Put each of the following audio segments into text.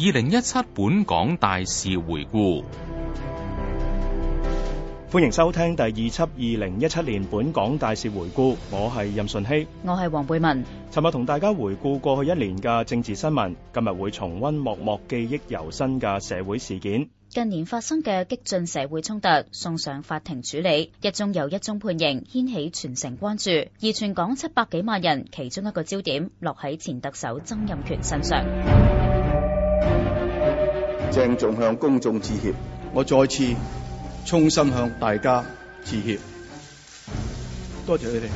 二零一七本港大事回顧，歡迎收聽第二輯《二零一七年本港大事回顧》我是，我係任順熙，我係黃貝文。尋日同大家回顧過去一年嘅政治新聞，今日會重温幕幕記憶猶新嘅社會事件。近年發生嘅激進社會衝突送上法庭處理，一宗又一宗判刑，掀起全城關注，而全港七百幾萬人，其中一個焦點落喺前特首曾蔭權身上。鄭重向公眾致歉，我再次衷心向大家致歉，多謝你哋。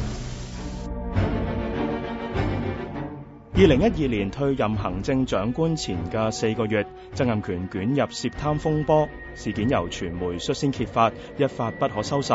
二零一二年退任行政長官前嘅四個月，曾蔭權捲入涉貪風波，事件由傳媒率先揭發，一發不可收拾。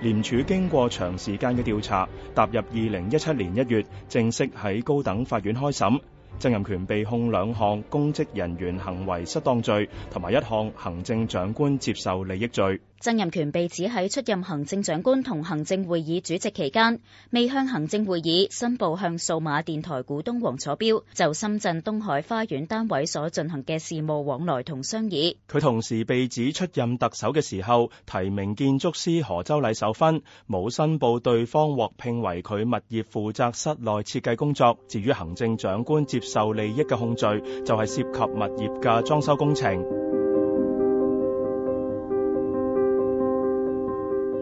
廉署經過長時間嘅調查，踏入二零一七年一月，正式喺高等法院開審。曾蔭權被控兩項公職人員行為失當罪，同埋一項行政長官接受利益罪。曾蔭權被指喺出任行政長官同行政會議主席期間，未向行政會議申報向數碼電台股東黃楚標就深圳東海花園單位所進行嘅事務往來同商議。佢同時被指出任特首嘅時候，提名建築師何周禮受勳，冇申報對方獲聘為佢物業負責室內設計工作。至於行政長官接受利益嘅控罪，就係涉及物業嘅裝修工程。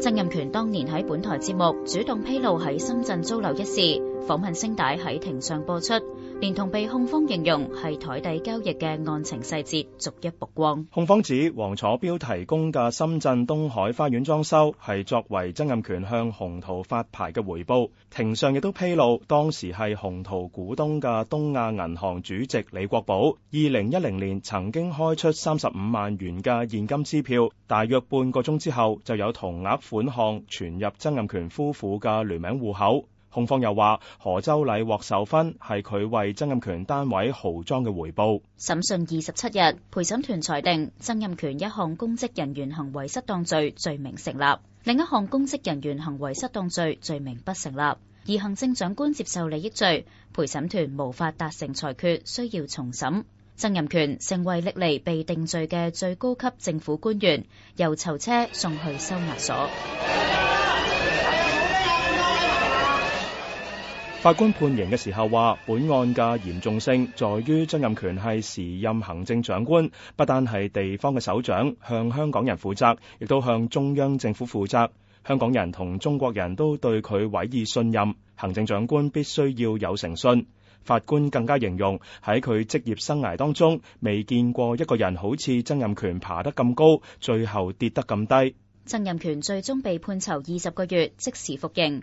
曾蔭權當年喺本台節目主動披露喺深圳租樓一事，訪問聲帶喺庭上播出。連同被控方形容係台底交易嘅案情細節逐一曝光。控方指黃楚標提供嘅深圳東海花園裝修係作為曾蔭權向雄濤發牌嘅回報。庭上亦都披露，當時係雄濤股東嘅東亞銀行主席李國寶，二零一零年曾經開出三十五萬元嘅現金支票，大約半個鐘之後就有同額款項存入曾蔭權夫婦嘅聯名戶口。控方又話何周禮獲授勳係佢為曾蔭權單位豪裝嘅回報。審訊二十七日，陪審團裁定曾蔭權一項公職人員行為失當罪罪名成立，另一項公職人員行為失當罪罪名不成立，而行政長官接受利益罪，陪審團無法達成裁決，需要重審。曾蔭權成為歷嚟被定罪嘅最高級政府官員，由囚車送去收押所。法官判刑嘅時候話，本案嘅嚴重性在於曾蔭權係時任行政長官，不單係地方嘅首長，向香港人負責，亦都向中央政府負責。香港人同中國人都對佢委以信任，行政長官必須要有誠信。法官更加形容喺佢職業生涯當中，未見過一個人好似曾蔭權爬得咁高，最後跌得咁低。曾蔭權最終被判囚二十個月，即時服刑。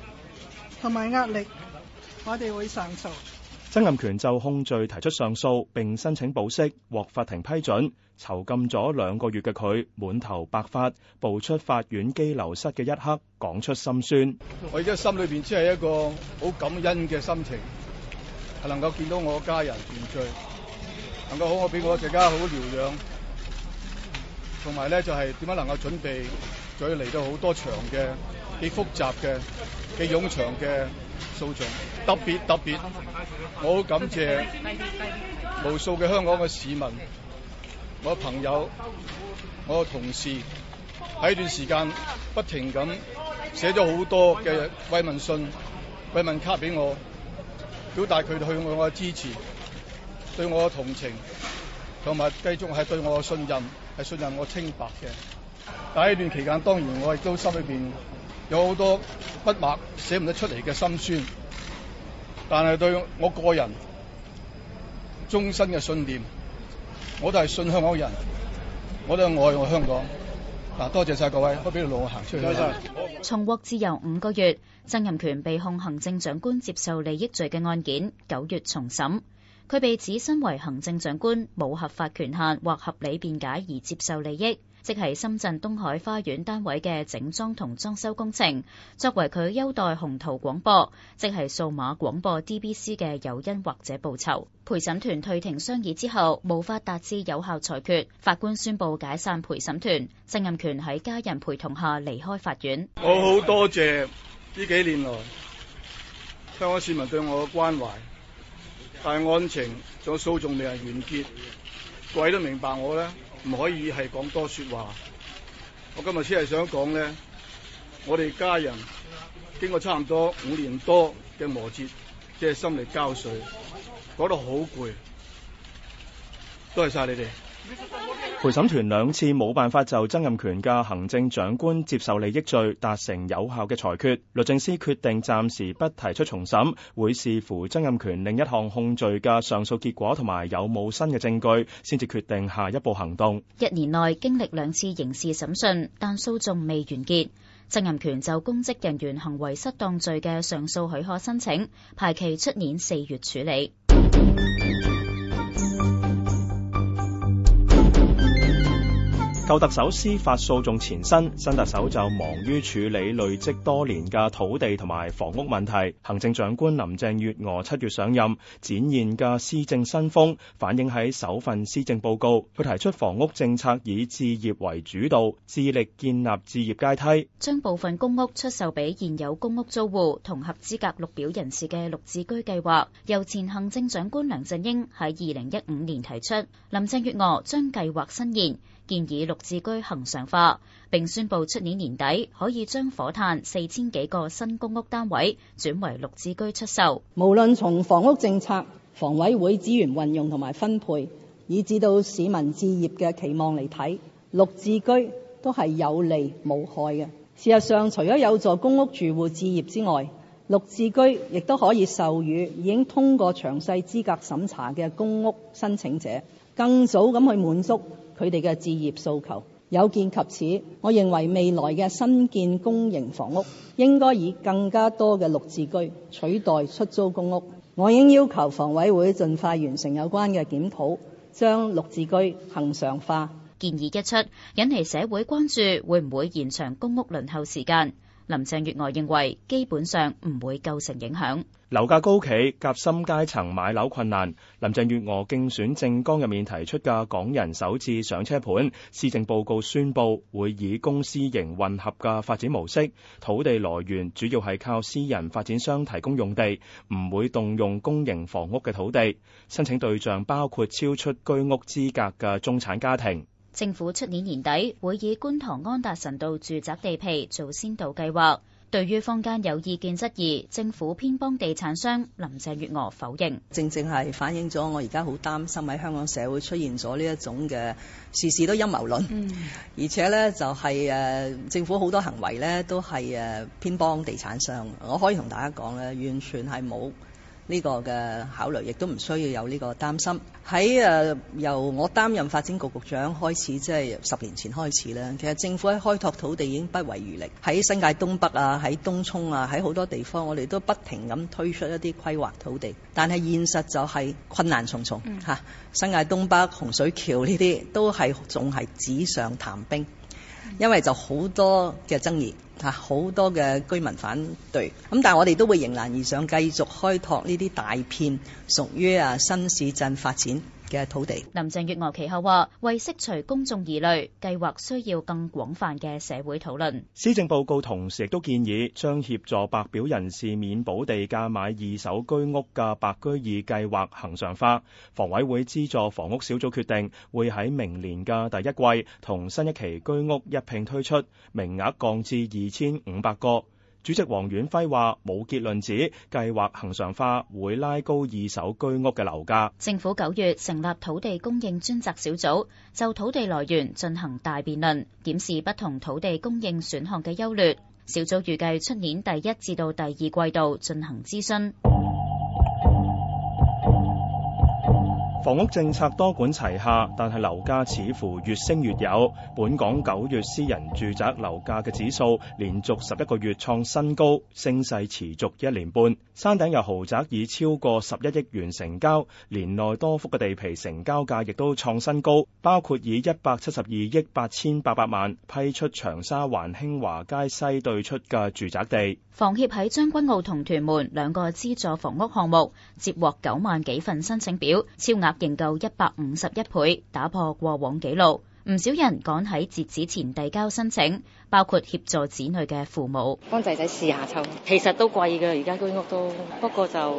同埋壓力，我哋會上訴。曾蔭權就控罪提出上訴並申請保釋，獲法庭批准。囚禁咗兩個月嘅佢，滿頭白髮，步出法院羈留室嘅一刻，講出心酸。我而家心裏邊只係一個好感恩嘅心情，係能夠見到我家人團聚，能夠好好俾我一家好療養。同埋咧，就係點樣能夠準備，仲要嚟到好多場嘅幾複雜嘅嘅冗長嘅訴訟，特別特別，我好感謝無數嘅香港嘅市民、我嘅朋友、我嘅同事喺呢段時間不停咁寫咗好多嘅慰問信、慰問卡俾我，表達佢哋對我嘅支持、對我嘅同情，同埋繼續係對我嘅信任，係信任我清白嘅。但係呢段期間，當然我亦都心裏邊。有好多筆墨寫唔得出嚟嘅心酸，但係對我個人終身嘅信念，我都係信香港人，我都愛我香港。嗱，多謝晒各位，開畀你路行出去啦？謝謝。重獲自由五個月，曾蔭權被控行政長官接受利益罪嘅案件，九月重審，佢被指身為行政長官冇合法權限或合理辯解而接受利益。即係深圳東海花園單位嘅整裝同裝修工程，作為佢優待雄濤廣播，即係數碼廣播 D B C 嘅誘因或者報酬。陪審團退庭商議之後，無法達至有效裁決，法官宣布解散陪審團。曾蔭權喺家人陪同下離開法院。我好多謝呢幾年來香港市民對我嘅關懷，但案情仲有訴訟未係完結，鬼都明白我咧。唔可以係講多說話。我今日先係想講咧，我哋家人經過差唔多五年多嘅磨折，即係心力交瘁，講到好攰，多謝晒你哋。陪審團兩次冇辦法就曾蔭權嘅行政長官接受利益罪達成有效嘅裁決，律政司決定暫時不提出重審，會視乎曾蔭權另一項控罪嘅上訴結果同埋有冇新嘅證據，先至決定下一步行動。一年內經歷兩次刑事審訊，但訴訟未完結。曾蔭權就公職人員行為失當罪嘅上訴許可申請，排期出年四月處理。舊特首司法訴訟前身，新特首就忙於處理累積多年嘅土地同埋房屋問題。行政長官林鄭月娥七月上任，展現嘅施政新風反映喺首份施政報告，佢提出房屋政策以置業為主導，致力建立置業階梯，將部分公屋出售俾現有公屋租戶，同合資格綠表人士的綠置居計劃，由前行政長官梁振英喺二零一五年提出。林鄭月娥將計劃申驗。建議綠置居恒常化，並宣布出年年底可以將火炭四千幾個新公屋單位轉為綠置居出售。無論從房屋政策、房委會資源運用同埋分配，以至到市民置業嘅期望嚟睇，綠置居都係有利冇害嘅。事實上，除咗有助公屋住戶置業之外，綠置居亦都可以授予已經通過詳細資格審查嘅公屋申請者，更早咁去滿足。佢哋嘅置業訴求。有見及此，我認為，未來嘅新建公營房屋應該以更加多嘅綠置居取代出租公屋。我已經要求房委會盡快完成有關嘅檢討，將綠置居恒常化。建議一出，引起社會關注，會唔會延長公屋輪候時間？林鄭月娥認為，基本上唔會構成影響。樓價高企，夾心階層買樓困難。林鄭月娥競選政綱入面提出嘅港人首次上車盤，施政報告宣布會以公私營混合嘅發展模式，土地來源主要係靠私人發展商提供用地，唔會動用公營房屋嘅土地。申請對象包括超出居屋資格嘅中產家庭。政府出年年底會以觀塘安達臣道住宅地皮做先導計劃。對於坊間有意見質疑，政府偏幫地產商，林鄭月娥否認，正正係反映咗我而家好擔心喺香港社會出現咗呢一種嘅事事都陰謀論，嗯、而且呢，就係誒政府好多行為呢都係誒偏幫地產商。我可以同大家講咧，完全係冇。呢個嘅考慮，亦都唔需要有呢個擔心。喺誒、呃、由我擔任發展局局長開始，即係十年前開始咧，其實政府喺開拓土地已經不遺餘力。喺新界東北啊，喺東涌啊，喺好多地方，我哋都不停咁推出一啲規劃土地。但係現實就係困難重重嚇、嗯啊。新界東北洪水橋呢啲都係仲係紙上談兵。因為就好多嘅爭議吓，好多嘅居民反對咁，但係我哋都會迎難而上，繼續開拓呢啲大片，屬於啊新市鎮發展。嘅土地，林鄭月娥其後話：為釋除公眾疑慮，計劃需要更廣泛嘅社會討論。施政報告同時亦都建議，將協助白表人士免補地價買二手居屋嘅白居易計劃恆常化。房委會資助房屋小組決定，會喺明年嘅第一季同新一期居屋一併推出，名額降至二千五百個。主席黃遠輝話：冇結論指計劃恆常化會拉高二手居屋嘅樓價。政府九月成立土地供應專責小組，就土地來源進行大辯論，檢視不同土地供應選項嘅優劣。小組預計出年第一至到第二季度進行諮詢。房屋政策多管齊下，但係樓價似乎越升越有。本港九月私人住宅樓價嘅指數連續十一個月創新高，升勢持續一年半。山頂有豪宅以超過十一億元成交，年內多幅嘅地皮成交價亦都創新高，包括以一百七十二億八千八百萬批出長沙灣興華街西對出嘅住宅地。房協喺將軍澳同屯門兩個資助房屋項目，接獲九萬幾份申請表，超額。認購一百五十一倍，打破過往紀錄。唔少人趕喺截止前遞交申請。包括協助子女嘅父母，幫仔仔試下抽，其實都貴㗎，而家居屋都不過就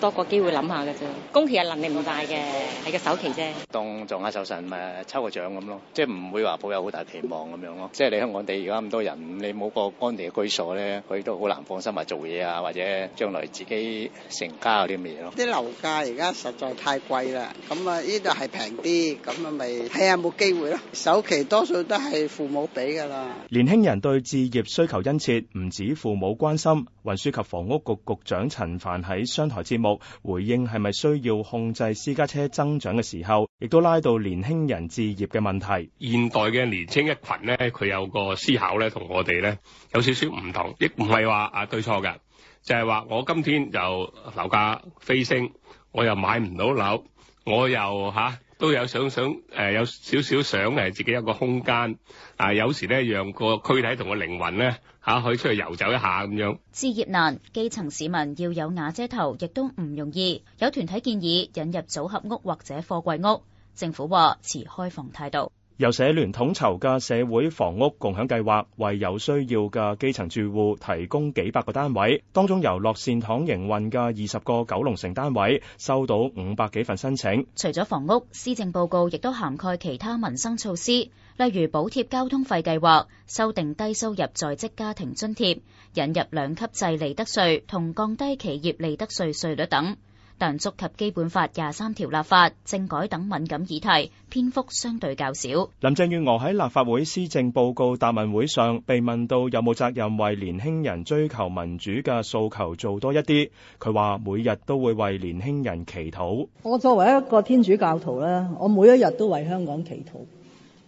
多個機會諗下㗎啫。供期係，能力唔大嘅，係個首期啫。當做下手神咪，抽個獎咁咯，即係唔會話抱有好大期望咁樣咯。即係你香港地而家咁多人，你冇個安定嘅居所咧，佢都好難放心話做嘢啊，或者將來自己成家嗰啲咁嘅嘢咯。啲樓價而家實在太貴啦，咁啊呢度係平啲，咁啊咪係啊冇機會咯。首期多數都係父母俾㗎啦。年輕。年輕人對置業需求殷切，唔止父母關心。運輸及房屋局局，局長陳帆喺商台節目回應係咪需要控制私家車增長嘅時候，亦都拉到年輕人置業嘅問題。現代嘅年輕一群呢，佢有個思考呢，同我哋呢，有少少唔同，亦唔係話啊對錯嘅，就係、是、話我今天就樓價飛升，我又買唔到樓，我又吓。啊都有想想誒，有少少想誒，自己有個空間啊！有時咧，讓個軀體同個靈魂咧吓，可以出去遊走一下咁樣。置業難，基層市民要有瓦遮頭亦都唔容易。有團體建議引入組合屋或者貨櫃屋，政府話持開放態度。由社聯統籌嘅社會房屋共享計劃，為有需要嘅基層住戶提供幾百個單位。當中由樂善堂營運嘅二十個九龍城單位，收到五百幾份申請。除咗房屋，施政報告亦都涵蓋其他民生措施，例如補貼交通費計劃、修訂低收入在職家庭津貼、引入兩級制利得稅同降低企業利得稅稅率等。但觸及基本法廿三條立法、政改等敏感議題，篇幅相對較少。林鄭月娥喺立法會施政報告答問會上被問到有冇責任為年輕人追求民主嘅訴求做多一啲，佢話每日都會為年輕人祈禱。我作為一個天主教徒咧，我每一日都為香港祈禱，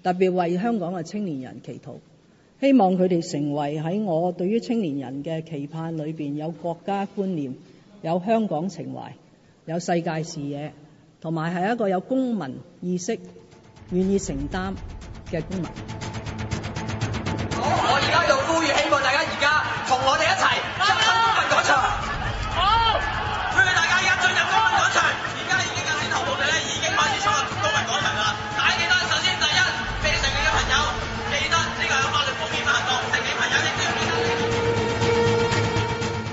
特別為香港嘅青年人祈禱，希望佢哋成為喺我對於青年人嘅期盼裏邊有國家觀念、有香港情懷。有世界視野，同埋係一個有公民意識、願意承擔嘅公民。好，我而家就呼籲，希望大家而家同我哋一齊進入公民廣場。好，歡迎大家而家進入公民廣場。而家已經有先頭部隊咧，已經開始衝入公民廣場啦。大家記得，首先第一，未成年嘅朋友記得呢個有法律風險嘅行動。自己朋友一定要戴得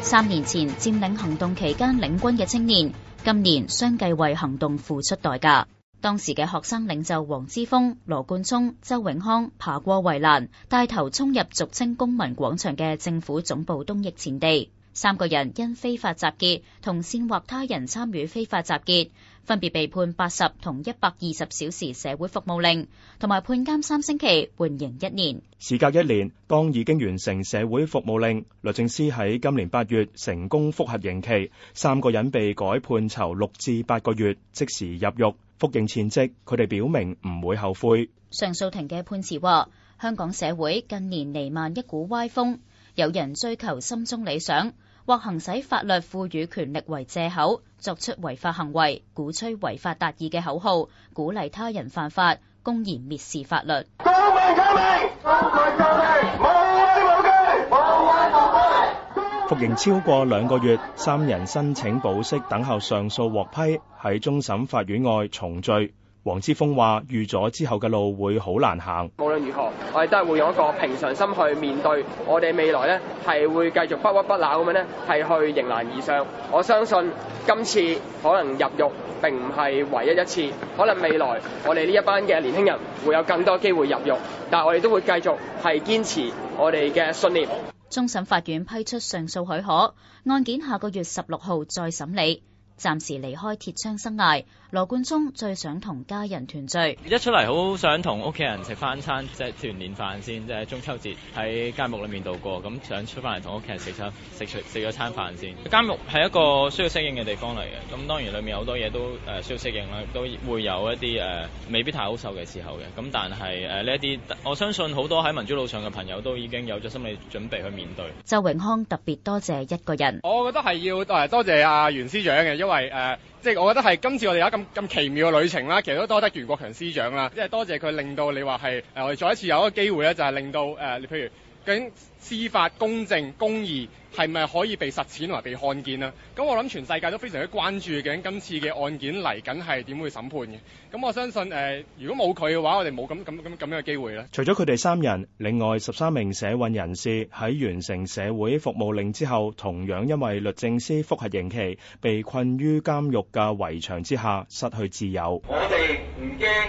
三年前佔領行動期間領軍嘅青年。今年相繼為行動付出代價，當時嘅學生領袖黃之鋒、羅冠聰、周永康爬過圍欄，帶頭衝入俗稱公民廣場嘅政府總部東翼前地。三個人因非法集結同煽惑他人參與非法集結，分別被判八十同一百二十小時社會服務令，同埋判監三星期，緩刑一年。時隔一年，當已經完成社會服務令，律政司喺今年八月成功復核刑期，三個人被改判囚六至八個月，即時入獄服刑前夕。佢哋表明唔會後悔。上訴庭嘅判詞話：香港社會近年彌漫一股歪風。有人追求心中理想，或行使法律賦予權力為藉口，作出違法行為，鼓吹違法達意嘅口號，鼓勵他人犯法，公然蔑視法律。革命！革命！革命！革命！無畏無忌，無畏無忌。服刑超過兩個月，三人申請保釋，等候上訴獲批，喺終審法院外重聚。黃之鋒話：預咗之後嘅路會好難行。無論如何，我哋都係會用一個平常心去面對。我哋未來呢係會繼續不屈不撓咁樣呢係去迎難而上。我相信今次可能入獄並唔係唯一一次，可能未來我哋呢一班嘅年輕人會有更多機會入獄，但係我哋都會繼續係堅持我哋嘅信念。終審法院批出上訴許可，案件下個月十六號再審理。暫時離開鐵窗生涯，羅冠聰最想同家人團聚。一出嚟好想同屋企人食翻餐即係團年飯先，即、就、係、是、中秋節喺監獄裏面度過，咁想出翻嚟同屋企人食餐食食食咗餐飯先。監獄係一個需要適應嘅地方嚟嘅，咁當然裏面好多嘢都需要適應啦，都會有一啲、呃、未必太好受嘅時候嘅。咁但係呢一啲，我相信好多喺民主路上嘅朋友都已經有咗心理準備去面對。周永康特別多謝一個人，我覺得係要多謝阿、啊、袁司長嘅，因為。因為誒、呃，即係我覺得係今次我哋有咁咁奇妙嘅旅程啦，其實都多得袁國強司長啦，即係多謝佢令到你話係誒我哋再一次有一個機會咧，就係令到誒，譬、呃、如。究竟司法公正公義係咪可以被實踐同埋被看見啊？咁我諗全世界都非常之關注緊今次嘅案件嚟緊係點會審判嘅。咁我相信，呃，如果冇佢嘅話，我哋冇咁咁咁咁樣嘅機會啦。除咗佢哋三人，另外十三名社運人士喺完成社會服務令之後，同樣因為律政司複核刑期，被困於監獄嘅圍牆之下，失去自由。我哋唔驚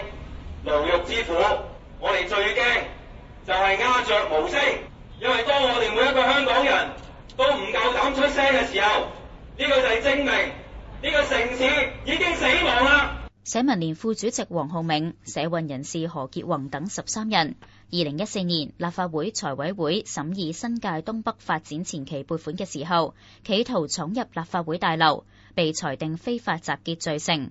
牢獄之苦，我哋最驚，就係鴉雀無聲，因為當我哋每一個香港人都唔夠膽出聲嘅時候，呢個就係證明呢個城市已經死亡啦。社民連副主席黃浩銘、社運人士何潔宏等十三人，二零一四年立法會財委會審議新界東北發展前期撥款嘅時候，企圖闖入立法會大樓，被裁定非法集結罪成。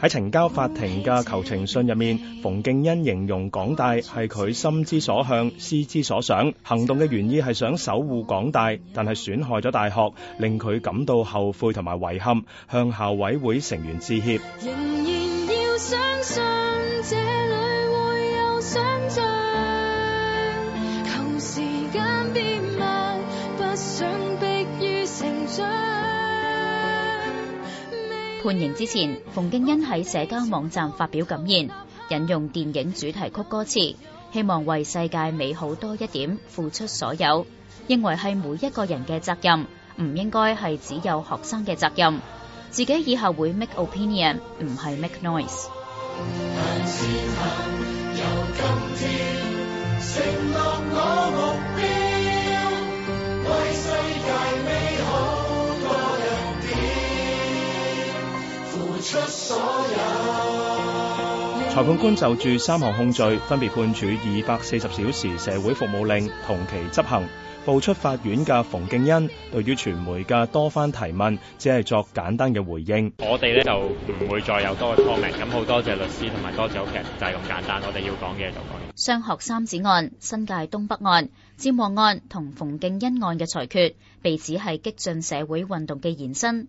喺呈交法庭嘅求情信入面，馮敬恩形容港大係佢心之所向，思之所想，行動嘅原意係想守護港大，但係損害咗大學，令佢感到後悔同埋遺憾，向校委會成員致歉。仍然要相信這判刑之前，馮敬恩喺社交網站發表感言，引用電影主題曲歌詞，希望為世界美好多一點付出所有，認為係每一個人嘅責任，唔應該係只有學生嘅責任。自己以後會 make opinion，唔係 make noise。所裁判官就住三項控罪，分別判處二百四十小時社會服務令，同期執行。步出法院嘅馮敬恩，對於傳媒嘅多番提問，只係作簡單嘅回應。我哋呢就唔會再有多個 comment。咁好多謝律師同埋多謝屋企人，就係、是、咁簡單。我哋要講嘅就講。雙學三子案、新界東北案、佔旺案同馮敬恩案嘅裁決，被指係激進社會運動嘅延伸。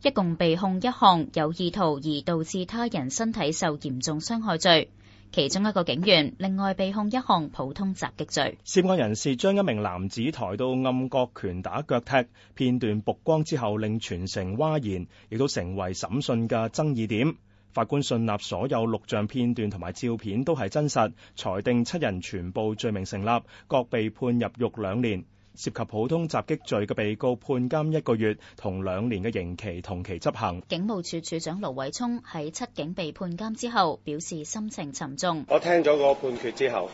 一共被控一項有意圖而導致他人身體受嚴重傷害罪，其中一個警員另外被控一項普通襲擊罪。涉案人士將一名男子抬到暗角拳打腳踢，片段曝光之後令全城嘩然，亦都成為審訊嘅爭議點。法官信納所有錄像片段同埋照片都係真實，裁定七人全部罪名成立，各被判入獄兩年。涉及普通襲擊罪嘅被告判監一個月，同兩年嘅刑期同期執行。警務處處長盧偉聰喺七警被判監之後表示心情沉重。我聽咗個判決之後，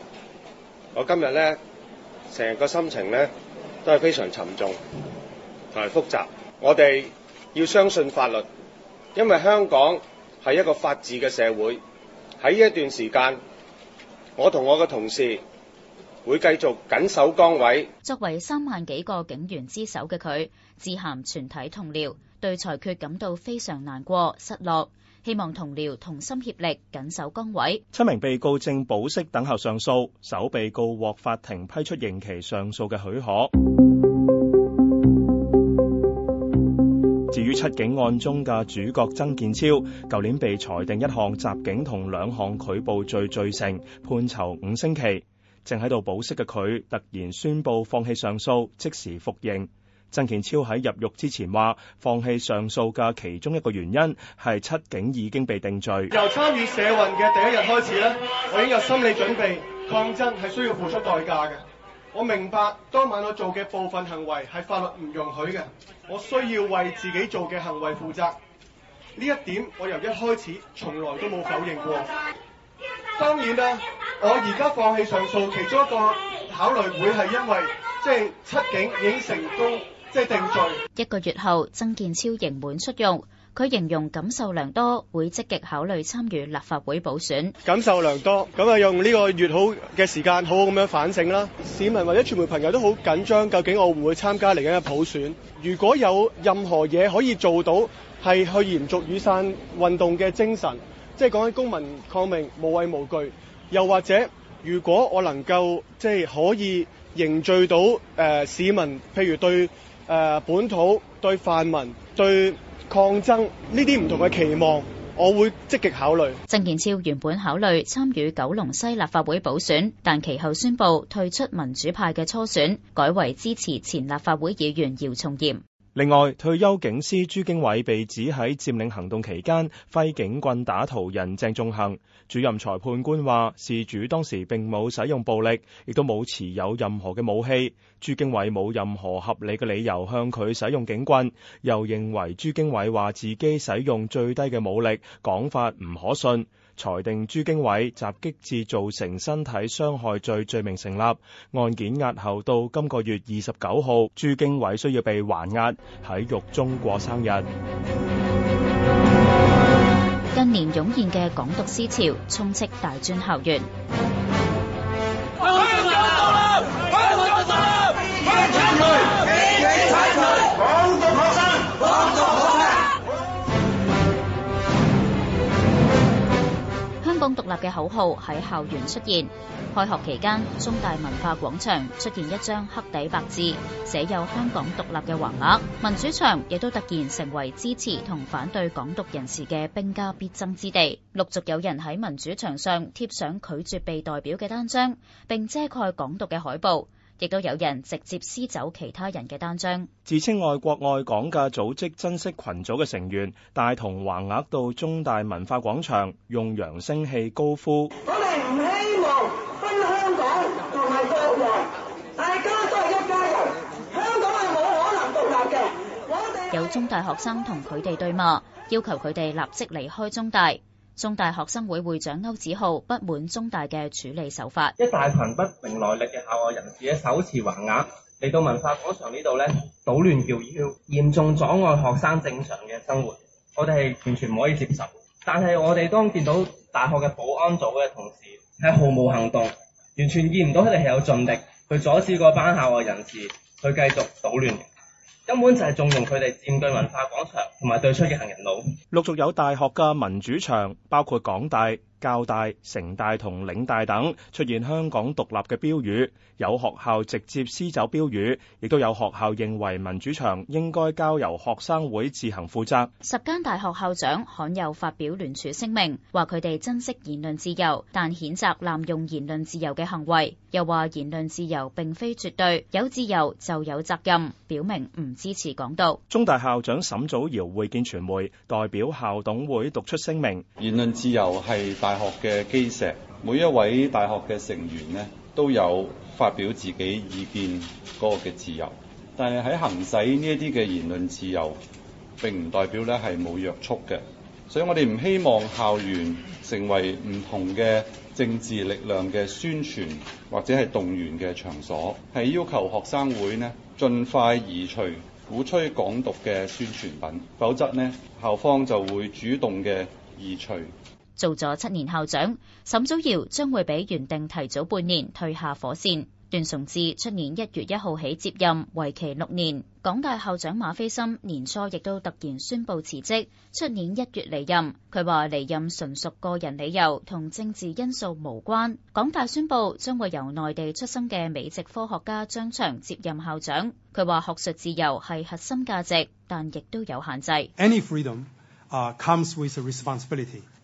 我今日呢，成個心情呢，都係非常沉重同埋複雜。我哋要相信法律，因為香港係一個法治嘅社會。喺呢一段時間，我同我嘅同事，會繼續緊守崗位。作為三萬幾個警員之首嘅佢，致函全體同僚，對裁決感到非常難過、失落，希望同僚同心協力，緊守崗位。七名被告正保釋等候上訴，首被告獲法庭批出刑期上訴嘅許可。至於七警案中嘅主角曾健超，舊年被裁定一項襲警同兩項拒捕罪罪成，判囚五星期。正喺度保釋嘅佢，突然宣布放棄上訴，即時服刑。曾健超喺入獄之前話，放棄上訴嘅其中一個原因係七警已經被定罪。由參與社運嘅第一日開始呢，我已經有心理準備，抗爭係需要付出代價嘅。我明白當晚我做嘅部分行為係法律唔容許嘅，我需要為自己做嘅行為負責。呢一點我由一開始從來都冇否認過。當然啦，我而家放棄上訴，其中一個考慮會係因為即係七警已經成功即係定罪。一個月後，曾健超刑滿出獄，佢形容感受良多，會積極考慮參與立法會補選。感受良多，咁啊用呢個月好嘅時間好好咁樣反省啦。市民或者傳媒朋友都好緊張，究竟我會唔會參加嚟緊嘅普選？如果有任何嘢可以做到，係去延續雨傘運動嘅精神。即係講緊公民抗命無畏無懼，又或者如果我能夠即係、就是、可以凝聚到誒、呃、市民，譬如對誒、呃、本土、對泛民、對抗爭呢啲唔同嘅期望，我會積極考慮。鄭建超原本考慮參與九龍西立法會補選，但其後宣布退出民主派嘅初選，改為支持前立法會議員姚松炎。另外，退休警司朱經緯被指喺佔領行動期間揮警棍打途人鄭仲恆。主任裁判官話：事主當時並冇使用暴力，亦都冇持有任何嘅武器。朱經緯冇任何合理嘅理由向佢使用警棍，又認為朱經緯話自己使用最低嘅武力，講法唔可信。裁定朱經緯襲擊致造成身體傷害罪罪名成立，案件押後到今個月二十九號，朱經緯需要被還押喺獄中過生日。近年湧現嘅港獨思潮充斥大專校園。啊港獨立嘅口號喺校園出現，開學期間，中大文化廣場出現一張黑底白字，寫有香港獨立嘅橫額。民主牆亦都突然成為支持同反對港獨人士嘅兵家必爭之地，陸續有人喺民主牆上貼上拒絕被代表嘅單張，並遮蓋港獨嘅海報。亦都有人直接撕走其他人嘅單張，自稱愛國愛港嘅組織，珍惜群組嘅成員，帶同橫額到中大文化廣場，用揚聲器高呼：我哋唔希望分香港同埋國內，大家都係一家人，香港係冇可能獨立嘅。我哋有中大學生同佢哋對罵，要求佢哋立即離開中大。中大學生會會長歐子浩不滿中大嘅處理手法，一大群不明來歷嘅校外人士啊，手持橫額嚟到文化廣場呢度咧，搗亂叫囂，嚴重阻礙學生正常嘅生活，我哋係完全唔可以接受。但係我哋當見到大學嘅保安組嘅同事係毫無行動，完全見唔到佢哋係有盡力去阻止嗰班校外人士去繼續搗亂。根本就係縱容佢哋佔據文化廣場同埋對出嘅行人路，陸續有大學嘅民主牆，包括港大。教大、城大同嶺大等出現香港獨立嘅標語，有學校直接撕走標語，亦都有學校認為民主牆應該交由學生會自行負責。十間大學校長罕有發表聯署聲明，話佢哋珍惜言論自由，但譴責濫用言論自由嘅行為，又話言論自由並非絕對，有自由就有責任，表明唔支持港獨。中大校長沈祖堯會見傳媒，代表校董會讀出聲明：言論自由係。大學嘅基石，每一位大學嘅成員呢都有發表自己意見嗰個嘅自由。但係喺行使呢一啲嘅言論自由，並唔代表呢係冇約束嘅。所以我哋唔希望校園成為唔同嘅政治力量嘅宣傳或者係動員嘅場所。係要求學生會呢盡快移除鼓吹港獨嘅宣傳品，否則呢，校方就會主動嘅移除。做咗七年校長，沈祖堯將會比原定提早半年退下火線。段崇智出年一月一號起接任，為期六年。港大校長馬斐森年初亦都突然宣布辭職，出年一月離任。佢話離任純屬個人理由，同政治因素無關。港大宣布將會由內地出生嘅美籍科學家張翔接任校長。佢話學術自由係核心價值，但亦都有限制。Any freedom ah comes with responsibility.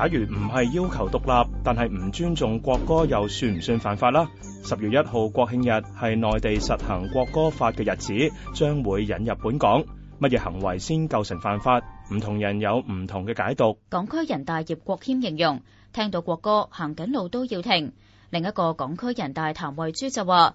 假如唔係要求獨立，但係唔尊重國歌，又算唔算犯法啦？十月一號國慶日係內地實行國歌法嘅日子，將會引入本港。乜嘢行為先構成犯法？唔同人有唔同嘅解讀。港區人大葉國謙形容，聽到國歌行緊路都要停。另一個港區人大譚慧珠就話。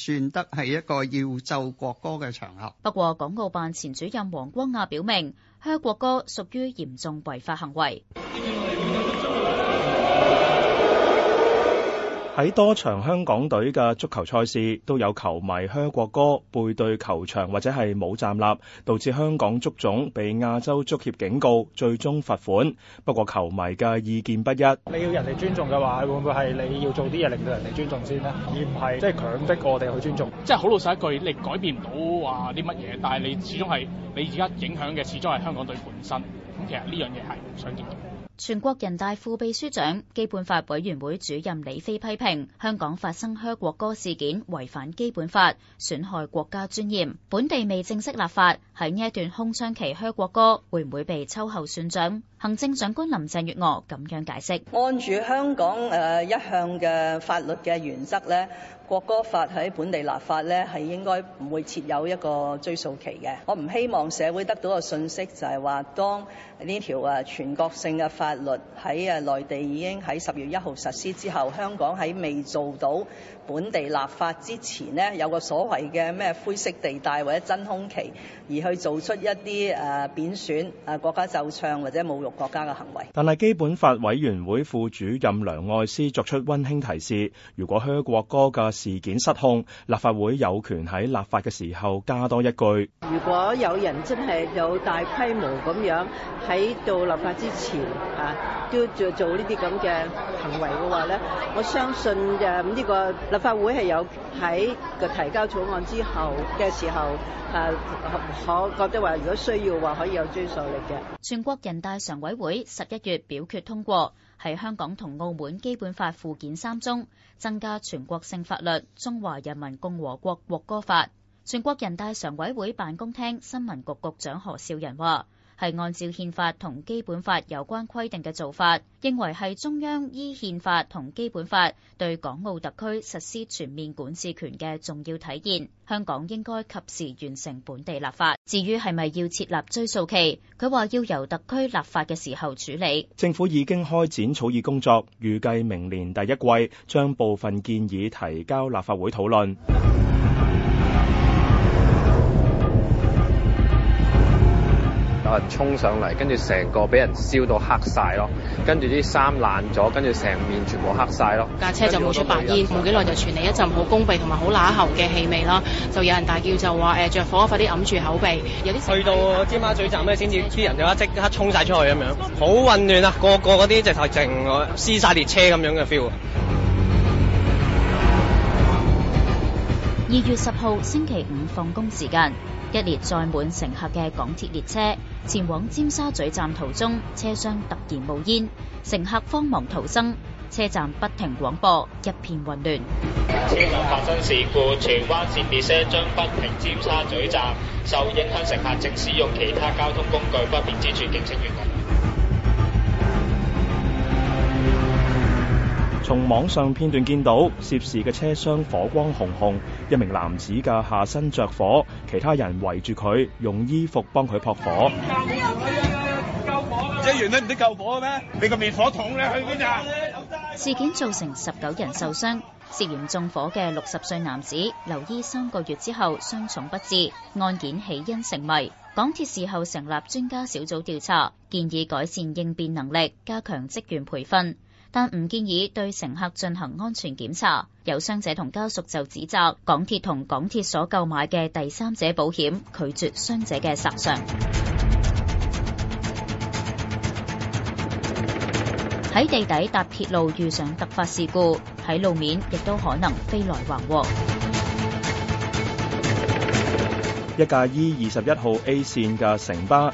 算得係一個要奏國歌嘅場合。不過，港澳辦前主任王光亞表明，哼國歌屬於嚴重違法行為。喺多場香港隊嘅足球賽事，都有球迷唱國歌、背對球場或者係冇站立，導致香港足總被亞洲足協警告，最終罰款。不過球迷嘅意見不一。你要人哋尊重嘅話，會唔會係你要做啲嘢令到人哋尊重先呢？而唔係即係強迫我哋去尊重。即係好老實一句，你改變唔到話啲乜嘢，但係你始終係你而家影響嘅，始終係香港隊本身。咁、嗯、其實呢樣嘢係唔想見到。全國人大副秘書長、基本法委員會主任李飛批評香港發生《噓國歌》事件違反基本法，損害國家尊嚴。本地未正式立法喺呢一段空窗期，《噓國歌》會唔會被秋後算賬？行政長官林鄭月娥咁樣解釋：按住香港誒一向嘅法律嘅原則呢，《國歌法》喺本地立法呢係應該唔會設有一個追訴期嘅。我唔希望社會得到嘅信息就係話，當呢條啊全國性嘅法。法律喺啊，內地已經喺十月一號實施之後，香港喺未做到本地立法之前呢，有個所謂嘅咩灰色地帶或者真空期，而去做出一啲誒、啊、貶損、誒、啊、國家奏唱或者侮辱國家嘅行為。但係基本法委員會副主任梁愛詩作出溫馨提示，如果噓國歌嘅事件失控，立法會有權喺立法嘅時候加多一句。如果有人真係有大規模咁樣喺到立法之前啊，都做做呢啲咁嘅行為嘅話咧，我相信誒呢、啊這個。立法會係有喺個提交草案之後嘅時候，啊，我覺得話如果需要的話，可以有追溯力嘅。全國人大常委會十一月表決通過，喺香港同澳門基本法附件三中增加全國性法律《中華人民共和國國歌法》。全國人大常委會辦公廳新聞局局長何紹仁話。係按照憲法同基本法有關規定嘅做法，認為係中央依憲法同基本法對港澳特區實施全面管治權嘅重要體現。香港應該及時完成本地立法。至於係咪要設立追訴期，佢話要由特區立法嘅時候處理。政府已經開展草擬工作，預計明年第一季將部分建議提交立法會討論。啊！衝上嚟，跟住成個俾人燒到黑晒咯，跟住啲衫爛咗，跟住成面全部黑晒咯。架車就冒出白煙，冇幾耐就傳嚟一陣好攻鼻同埋好乸喉嘅氣味咯，就有人大叫就話，誒，着火，快啲揞住口鼻。有啲去到尖沙咀站咧，先至啲人就話即刻衝晒出去咁樣，好混亂啊！個個嗰啲直頭成個撕晒列車咁樣嘅 feel。二月十號星期五放工時間。一列載滿乘客嘅港鐵列車前往尖沙咀站途中，車廂突然冒煙，乘客慌忙逃生，車站不停廣播，一片混亂。車輛發生事故，荃灣綫列車將不停尖沙咀站，受影響乘客請使用其他交通工具，不便之處，敬請原諒。從網上片段見到涉事嘅車廂火光紅紅。一名男子嘅下身着火，其他人圍住佢用衣服幫佢撲火。救火啊！職員你唔識救火咩？你個滅火筒咧去邊度？事件造成十九人受傷，涉嫌縱火嘅六十歲男子留醫三個月之後傷重不治，案件起因成謎。港鐵事後成立專家小組調查，建議改善應變能力，加強職員培訓。但唔建議對乘客進行安全檢查。有傷者同家屬就指責港鐵同港鐵所購買嘅第三者保險拒絕傷者嘅索償。喺地底搭鐵路遇上突發事故，喺路面亦都可能飛來橫禍。一架 E 二十一號 A 線嘅城巴。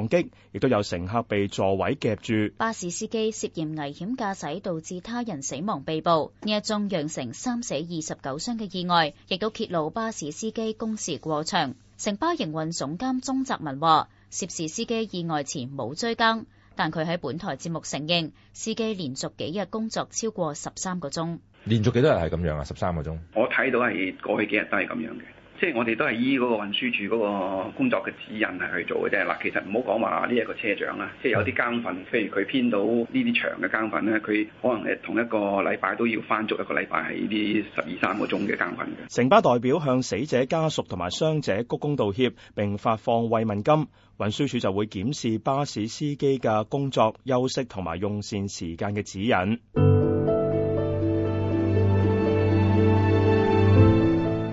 擊，亦都有乘客被座位夾住。巴士司機涉嫌危險駕駛，導致他人死亡被捕。呢一宗釀成三死二十九傷嘅意外，亦都揭露巴士司機工時過長。城巴營運總監鍾澤文話，涉事司機意外前冇追更，但佢喺本台節目承認，司機連續幾日工作超過十三個鐘。連續幾多日係咁樣啊？十三個鐘？我睇到係過去幾日都係咁樣嘅。即係我哋都係依嗰個運輸署嗰個工作嘅指引係去做嘅啫。嗱，其實唔好講話呢一個車長啦，即係有啲更份，譬如佢編到呢啲長嘅更份咧，佢可能係同一個禮拜都要翻足一個禮拜係呢啲十二三個鐘嘅更份嘅。城巴代表向死者家屬同埋傷者鞠躬道歉，並發放慰問金。運輸署就會檢視巴士司機嘅工作、休息同埋用膳時間嘅指引。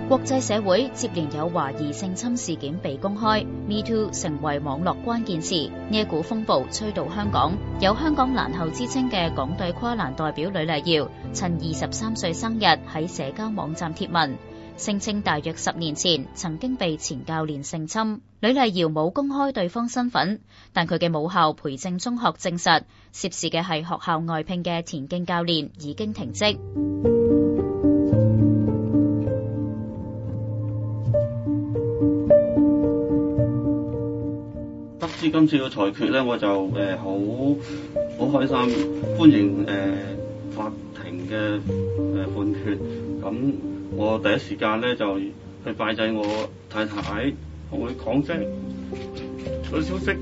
國際社會接連有懷疑性侵事件被公開，Me Too 成為網絡關鍵詞。呢一股風暴吹到香港，有香港欄後之稱嘅港隊跨欄代表呂麗瑤，趁二十三歲生日喺社交網站貼文，聲稱大約十年前曾經被前教練性侵。呂麗瑤冇公開對方身份，但佢嘅母校培正中學證實，涉事嘅係學校外聘嘅田徑教練，已經停職。知今次嘅裁決咧，我就誒好好開心，歡迎誒法庭嘅誒判決。咁我第一時間咧就去拜祭我太太，同佢講聲個消息，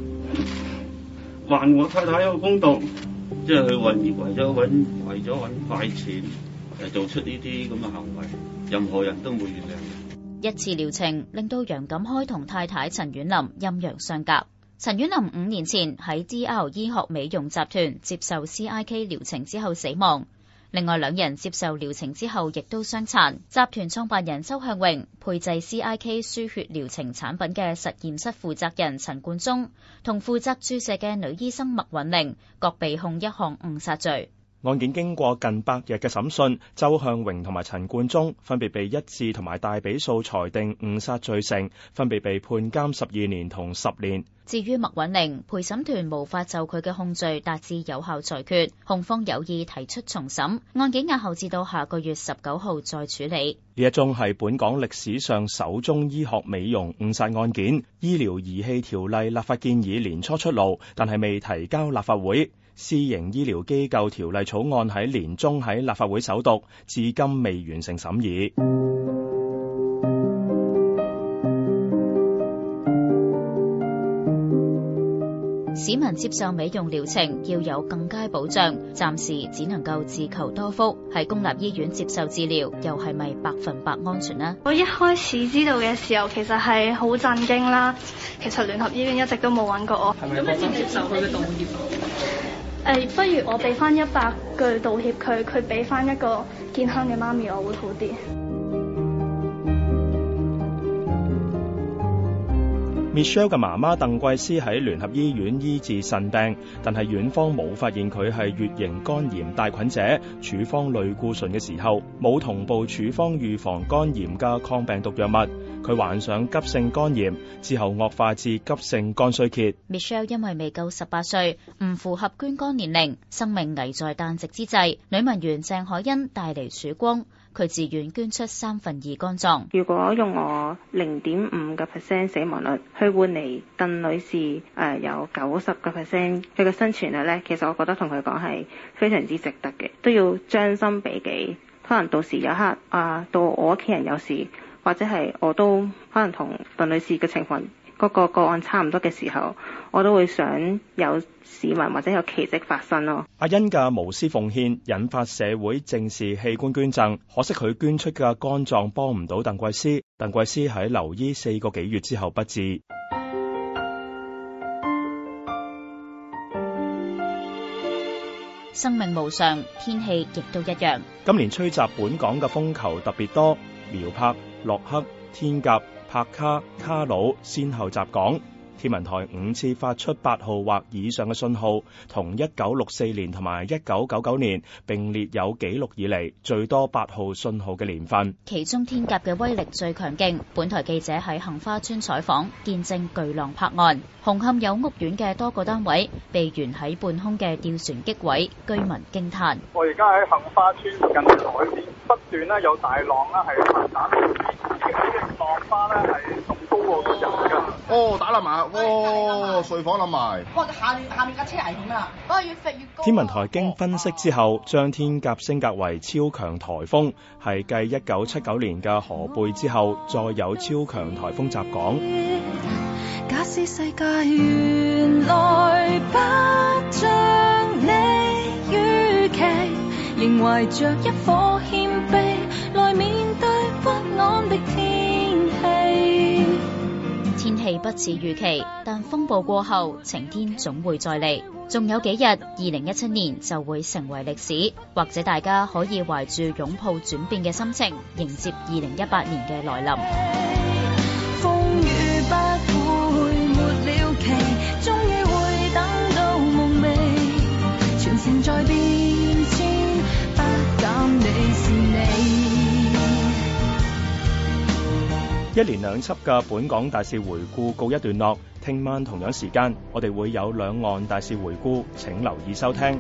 還我太太一個公道。即係佢為業為咗揾為咗揾快錢，誒做出呢啲咁嘅行為，任何人都唔會原諒嘅。一次療程令到楊錦開同太太陳婉琳陰陽相隔。陳婉琳五年前喺 DR 醫學美容集團接受 C I K 療程之後死亡，另外兩人接受療程之後亦都傷殘。集團創辦人周向榮、配製 C I K 輸血療程產品嘅實驗室負責人陳冠中同負責注射嘅女醫生麥允玲，各被控一項誤殺罪。案件經過近百日嘅審訊，周向榮同埋陳冠中分別被一致同埋大比數裁定誤殺罪成，分別被判監十二年同十年。至於麥允玲，陪審團無法就佢嘅控罪達至有效裁決，控方有意提出重審。案件押後至到下個月十九號再處理。呢一宗係本港歷史上首宗醫學美容誤殺案件。醫療儀器條例立法建議年初出爐，但係未提交立法會。私營醫療機構條例草案喺年終喺立法會首讀，至今未完成審議。市民接受美容療程要有更佳保障，暫時只能夠自求多福。喺公立醫院接受治療，又係咪百分百安全呢？我一開始知道嘅時候，其實係好震驚啦。其實聯合醫院一直都冇揾過我，係咪有冇接接受佢嘅道歉？欸，不如我俾翻一百句道歉佢，佢俾翻一個健康嘅媽咪，我會好啲。Michelle 嘅媽媽鄧桂思喺聯合醫院醫治腎病，但係院方冇發現佢係乙型肝炎帶菌者，處方類固醇嘅時候冇同步處方預防肝炎加抗病毒藥物，佢患上急性肝炎之後惡化至急性肝衰竭。Michelle 因為未夠十八歲，唔符合捐肝年齡，生命危在旦夕之際，女文員鄭凱甄帶嚟曙光。佢自願捐出三分二肝臟。如果用我零點五個 percent 死亡率去換嚟鄧女士誒、呃、有九十個 percent 佢嘅生存率咧，其實我覺得同佢講係非常之值得嘅，都要將心比己。可能到時有一刻啊，到我屋企人有事，或者係我都可能同鄧女士嘅情況。個個個案差唔多嘅時候，我都會想有市民或者有奇蹟發生咯。阿欣嘅無私奉獻引發社會正視器官捐贈，可惜佢捐出嘅肝臟幫唔到鄧桂思。鄧桂思喺留醫四個幾月之後不治。生命無常，天氣亦都一樣。今年吹襲本港嘅風球特別多，苗柏、洛克、天鴿。帕卡、卡努先後襲港。天文台五次發出八號或以上嘅信號，同一九六四年同埋一九九九年並列有紀錄以嚟最多八號信號嘅年份。其中天鴿嘅威力最強勁。本台記者喺杏花村採訪，見證巨浪拍岸，紅磡有屋苑嘅多個單位被懸喺半空嘅吊船擊毀，居民驚嘆。我而家喺杏花村近海邊，不斷呢有大浪呢係打落嚟，已經浪花呢係仲高過個人㗎。哦，打落埋。哇，睡房冧埋，哇下下面架車危險啦，嗰個越飛越高。天文台經分析之後，將天鴿升格為超強颱風，係繼一九七九年嘅荷貝之後，再有超強颱風襲港。天氣不似預期，但風暴過後，晴天總會再嚟。仲有幾日，二零一七年就會成為歷史，或者大家可以懷住擁抱轉變嘅心情，迎接二零一八年嘅來臨。風雨不會沒了期，終於會等到夢寐，全城在變。一連兩輯嘅本港大事回顧告一段落，聽晚同樣時間，我哋會有兩岸大事回顧，請留意收聽。